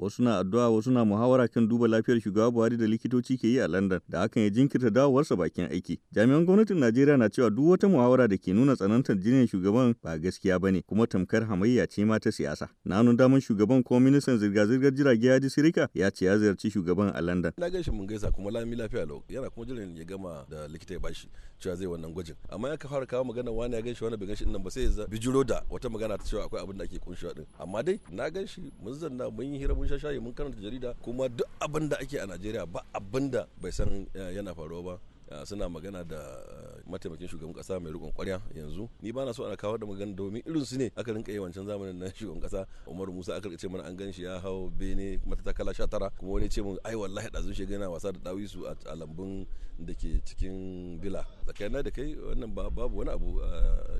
wasu na addu'a wasu na muhawara kan duba lafiyar shugaba buhari da likitoci ke yi a london da hakan ya jinkirta dawowarsa bakin aiki jami'an gwamnatin najeriya na cewa duk wata muhawara da ke nuna tsanantar jinin shugaban ba gaskiya ba ne kuma tamkar hamayya ce ma ta siyasa nanun daman shugaban ko ministan zirga-zirgar jirage ya sirika ya ce ya ziyarci shugaban a london na gaishe mun gaisa kuma lami lafiya lau yana kuma jiran ya gama da likita ya bashi cewa zai wannan gwajin amma ya fara kawo magana wani ya gaishe wani bai gaishe nan ba sai ya bijiro da wata magana ta cewa akwai abin da ake kunshewa din amma dai na gaishe mun zanna mun yi hira mun sha mun karanta jarida kuma duk abin da ake a Najeriya ba abin da bai san eh, yana faruwa ba eh, suna magana da eh, mataimakin shugaban kasa mai rikon kwarya yanzu ni ba na so ana kawo da magana domin irin su ne aka rinka yi wancan zamanin na shugaban kasa umar Musa aka ce mana an gan shi ya hau bene matakala 19 kuma wani ce mun ai wallahi dazun shi yana wasa da dawisu a lambun da ke cikin bila tsakanin da kai wannan babu wani abu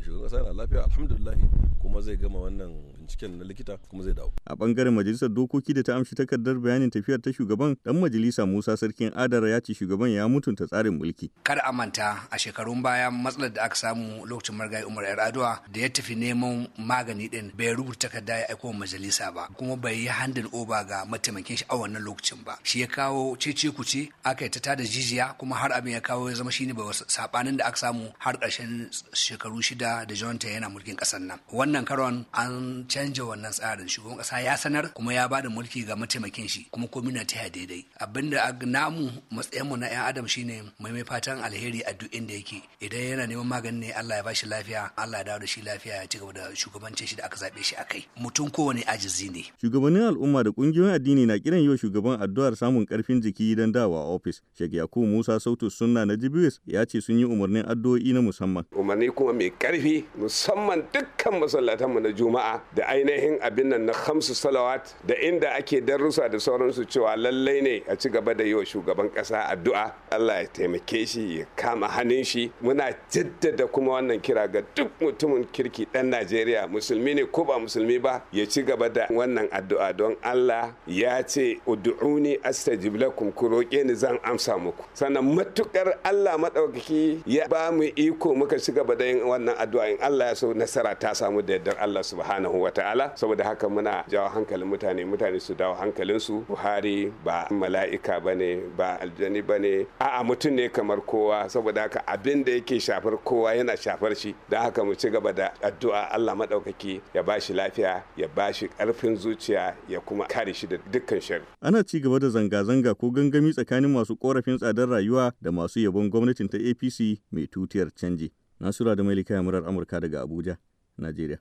shugaban kasa yana lafiya alhamdulillah kuma zai gama wannan binciken na likita kuma zai dawo a bangaren majalisar dokoki da ta amshi takardar bayanin tafiyar ta shugaban dan majalisa Musa Sarkin Adara ya ce shugaban ya mutunta tsarin mulki kar a manta a shekarun baya matsalar da aka samu lokacin margayi Umar Yar'adua da ya tafi neman magani din bai rubuta takarda ya aiko majalisa ba kuma bai yi handin oba ga mataimakin shi a wannan lokacin ba shi ya kawo cece ce aka yi ta tada jijiya kuma har abin ya kawo ya zama shine ba sabanin da aka samu har karshen shekaru shida da Jonta yana mulkin kasar nan wannan karon an canza canja wannan tsarin shugaban kasa ya sanar kuma ya bada mulki ga mataimakin shi kuma komi na taya daidai abinda namu matsayinmu na yan adam shine mai mai fatan alheri a duk inda yake idan yana neman magani ne Allah ya bashi lafiya Allah ya dawo da shi lafiya ya cigaba da shugabancin shi da aka zabe shi akai mutum kowane ajizi ne shugabannin al'umma da kungiyoyin addini na kiran yau shugaban addu'ar samun karfin jiki don dawa ofis shek Yakubu Musa Sautu Sunna na Jibiris ya ce sun yi umarnin addu'o'i na musamman umarni kuma mai karfi musamman dukkan masallatanmu na juma'a da ainihin abin nan na hamsu salawat da inda ake darussa da sauransu cewa lallai ne a ci gaba da yi shugaban kasa addu'a Allah ya taimake shi ya kama hannun shi muna jaddada kuma wannan kira ga duk mutumin kirki dan Najeriya musulmi ne ko ba musulmi ba ya ci gaba da wannan addu'a don Allah ya ce ud'uni astajib lakum ku roƙe ni zan amsa muku sannan matukar Allah madaukaki ya ba mu iko muka ci gaba da yin wannan addu'a in Allah ya so nasara ta samu da yardar Allah subhanahu wa wataala saboda haka muna jawo hankalin mutane mutane su dawo hankalinsu buhari ba mala'ika bane ba aljani bane a'a mutum ne kamar kowa saboda haka abin da yake shafar kowa yana shafar shi da haka mu ci gaba da addu'a Allah maɗaukaki ya ba shi lafiya ya ba shi ƙarfin zuciya ya kuma kare shi da dukkan shari. Ana ci gaba da zanga-zanga ko gangami tsakanin masu korafin tsadar rayuwa da masu yabon gwamnatin ta APC mai tutiyar canji. Nasura da Mailika murar Amurka daga Abuja, Najeriya.